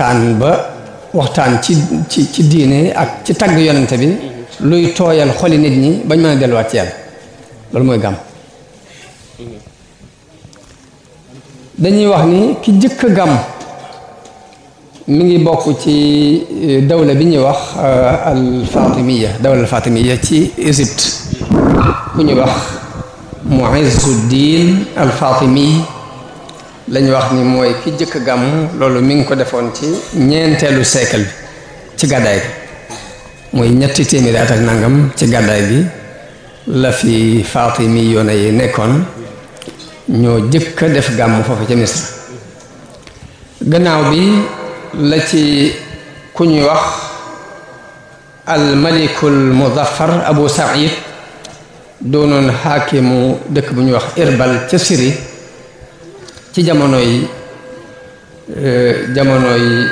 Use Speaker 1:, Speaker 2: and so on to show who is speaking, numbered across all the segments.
Speaker 1: waxtaan ba waxtaan ci ci ci diine ak ci tagg yonente bi luy tooyal xoli nit ñi bañ mën a delluwaat ci yàlla loolu mooy gàmm dañuy wax ni ki jëkk gàmm mu ngi bokk ci euh, dawla bi ñuy wax euh, al fatimiya dawla al ci Égypte ku ñuy wax Muizzuddin al Fatimi lañu wax ni mooy ki jëkk gàmm loolu mi ngi ko defoon ci ñeenteelu siècle bi ci gàddaay gi muy ñetti téeméeri at ak nangam ci gàddaay gi la fi Faatimi yoona yi nekkoon ñoo jëkk a def gàmm foofu ca Misra gannaaw bi la ci ku ñuy wax al malikul muzaffar abu said doonoon xaakimu dëkk bu ñuy wax irbal ca Syrie ci jamono yi e, jamono yi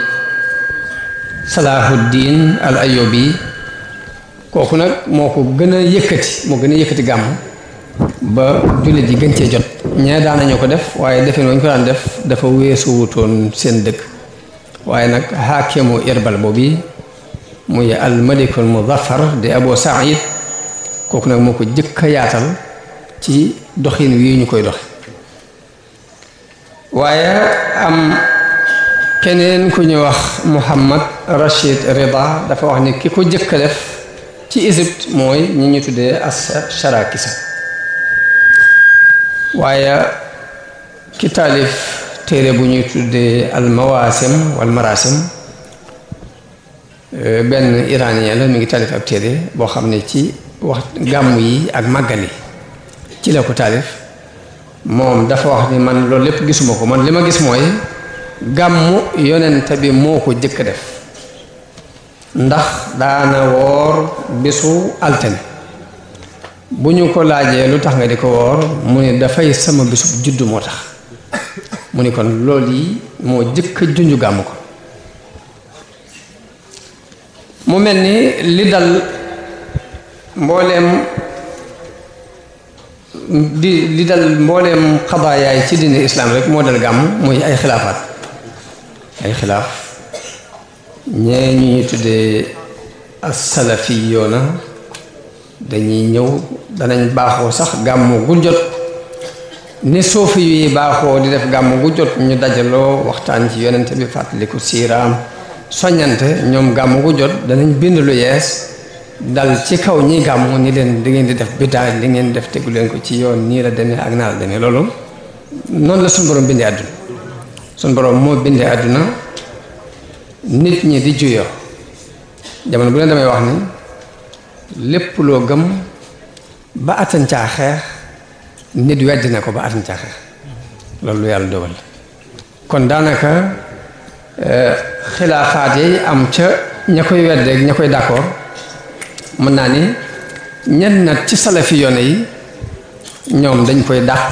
Speaker 1: Salahuddin al Ayyubi kooku nag moo ko gën a yëkkati moo gën a yëkkati gàmm ba jullit yi gën cee jot ñee daan nañu ko def waaye defeen wañ ko daan def dafa weesu seen dëkk waaye nag xaakimu Irbal boobu muy al malikul muzaffar di Abu Saïd kooku nag moo ko jëkk yaatal ci doxin wii ñu koy dox waaye am keneen ku ñu wax Muhammad Rachid Rida dafa wax ni ki ko jëkk def ci Égypte mooy ñu ñu tuddee as-Charakisa waaye ki taalif téere bu ñuy tuddee al-Mawasim wal Marasim euh, benn iranien la mu ngi taalif ab téere boo xam ne ci wax gàmm yi ak màggal yi ci la ko taalif moom dafa wax ni man loolu lépp gisuma ko man li ma gis mooy gàmmu yonent bi moo ko jëkk def ndax daana woor bisu altine bu ñu ko laajee lu tax nga di ko woor mu ne dafay sama bisub juddu moo tax mu ne kon loolu yi moo jëkk a junju ko mu mel ni li dal mbooleem di li dal mbooleem xadaayaay ci diine islaam rek moo dal gàmm mooy ay xilaafaat ay xilaaf ñee ñu ñu tuddee asalafi yoona dañuy ñëw danañ baaxoo sax gàmm gu jot ni soofi yi baaxoo di def gàmm gu jot ñu dajaloo waxtaan ci yonente bi fàttaliku siiraam soññante ñoom gàmm gu jot danañ bind lu yees dal ci kaw ñi gàmmu ni leen di ngeen di def bidaa li ngeen def tegu leen ko ci yoon nii la demee ak naa la demee loolu noonu la suñu borom bindee àdduna suñu borom moo bindee àdduna nit ñi di juyoo jamono bu ne damay wax ni lépp loo gëm ba atan caa xeex nit weddi na ko ba atan caa xeex loolu yàlla dogal kon daanaka eh, xilaafaat yi am ca ña koy weddeeg ña koy d'accord mën naa ni ñenn nag ci salafi yoone yi ñoom dañ koy dàq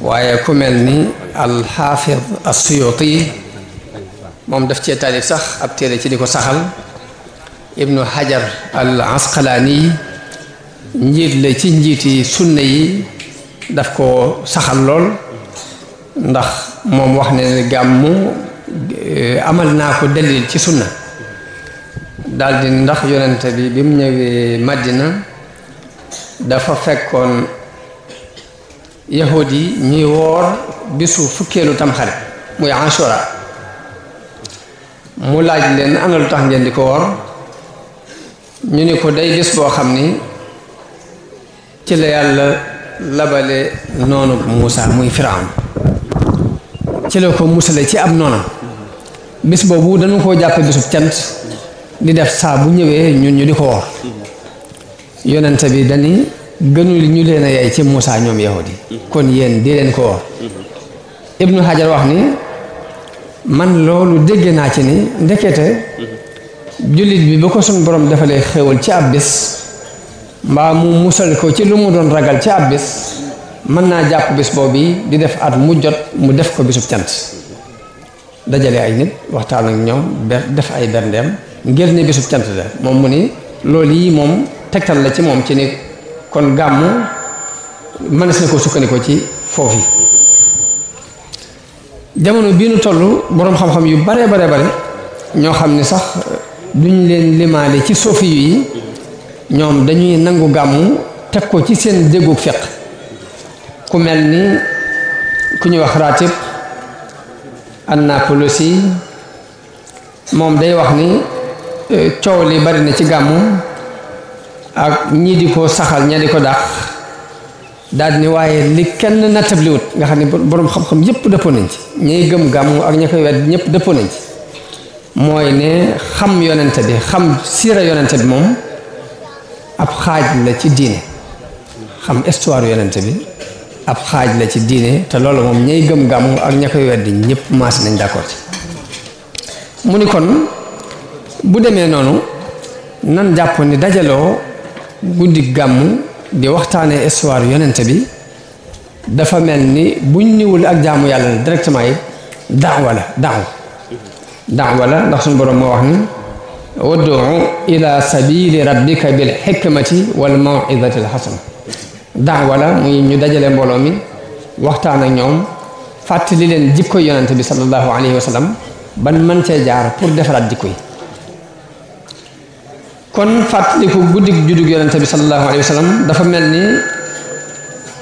Speaker 1: waaye ku mel ni alxaafid as-Suyuti moom daf cee taalif sax ab téere ci di ko saxal ibnu hajar al asqalaani njiit la ci njiiti sunna yi daf ko saxal lool ndax moom wax ne gàmmu eh, amal naa ko dalil ci sunna daldi ndax yonente bi bi mu ñëwee màddina dafa fekkoon yahud yi ñuy woor bisu fukkeelu tamxarit muy Ashura mu laaj leen ana lu tax ngeen di ko woor ñu ni ko day gis boo xam ni ci la yàlla labale noonu Muusa muy Firawn ci la ko musale ci ab noonam bis boobu dañu koo jàppe bisub cant di def saa bu ñëwee ñun ñu di ko woor yonent bi dañi gënul ñu leen a yey ci Moussa ñoom yahudi kon yéen di leen ko woor ibnu hajar wax ni man loolu dégg naa ci ni ndekete jullit bi ba ko suñ borom defalee xéwal ci ab bis mbaa mu musal ko ci lu mu doon ragal ci ab bis mën naa jàpp bis boobu di def at mu jot mu def ko bisub cant dajale ay nit waxtaan ak ñoom def ay berndeem ngir ne bisub cant la moom mu ni lool yi moom tegtal la ci moom ci ni kon gàmm mënees na koo sukkandikoo ci foofu yi jamono bii nu toll boroom xam-xam yu bare bare bare ñoo xam ni sax duñ leen limaale ci sofi yi ñoom dañuy nangu gàmmu teg ko ci seen déggu fiq ku mel ni ku ñuy wax raatib Annaapolosi moom day wax ni coow li bari na ci gàmmu ak ñii di ko saxal ña di ko dàq daal di ne waaye li kenn nattabliwut nga xam ne boroom xam-xam yépp dëppoo nañ ci ñay gëm gàmmu ak ña koy wedd ñëpp dëppoo nañ ci mooy ne xam yonente bi xam siira bi moom ab xaaj la ci diine xam histoire yonente bi ab xaaj la ci diine te loolu moom ñay gëm gàmmu ak ña koy weddi ñëpp maas nañ d'accord ci mu ni kon bu demee noonu nan jàpp ni dajaloo guddi gàmm di waxtaanee histoire yonent bi dafa mel ni buñ ñëwul ak jaamu yàlla la directement yi daawa la daaw daawa la ndax suñu borom moo wax ni ud'u ila sabili rabbika bil hikmati wal maw'izati al hasana daawa la muy ñu dajale mbooloo mi waxtaan ak ñoom fàttali leen jikko yonent bi sallallahu alayhi wa sallam ban mën cee jaar pour defaraat jikko yi kon fàttaliku guddi juddug yonent bi sallallahu alayhi wa sallam dafa mel ni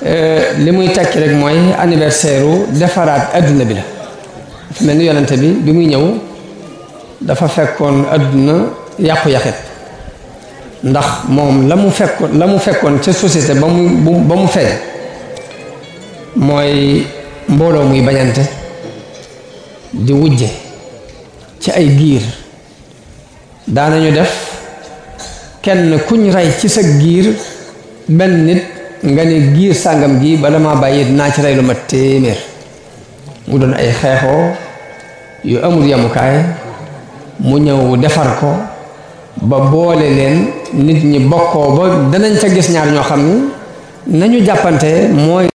Speaker 1: euh, li muy tekki rek mooy anniversaire u defaraat adduna bi la dafa mel ni yonent bi bi muy ñëw dafa fekkoon adduna yàqu-yàqet ndax moom la mu fekkoon ca société ba mu ba mu feeñ mooy mbooloo muy bañante di wujje ci ay giir daana ñu def kenn kuñ rey ci sa giir benn nit nga ne giir sàngam gi bala ma bàyyi dinaa ci rey lu ma téeméer mu doon ay xeexoo yu amul yamukaay mu ñëw defar ko ba boole leen nit ñi bokkoo ba danañ ca gis ñaar ñoo xam ni nañu jàppante mooy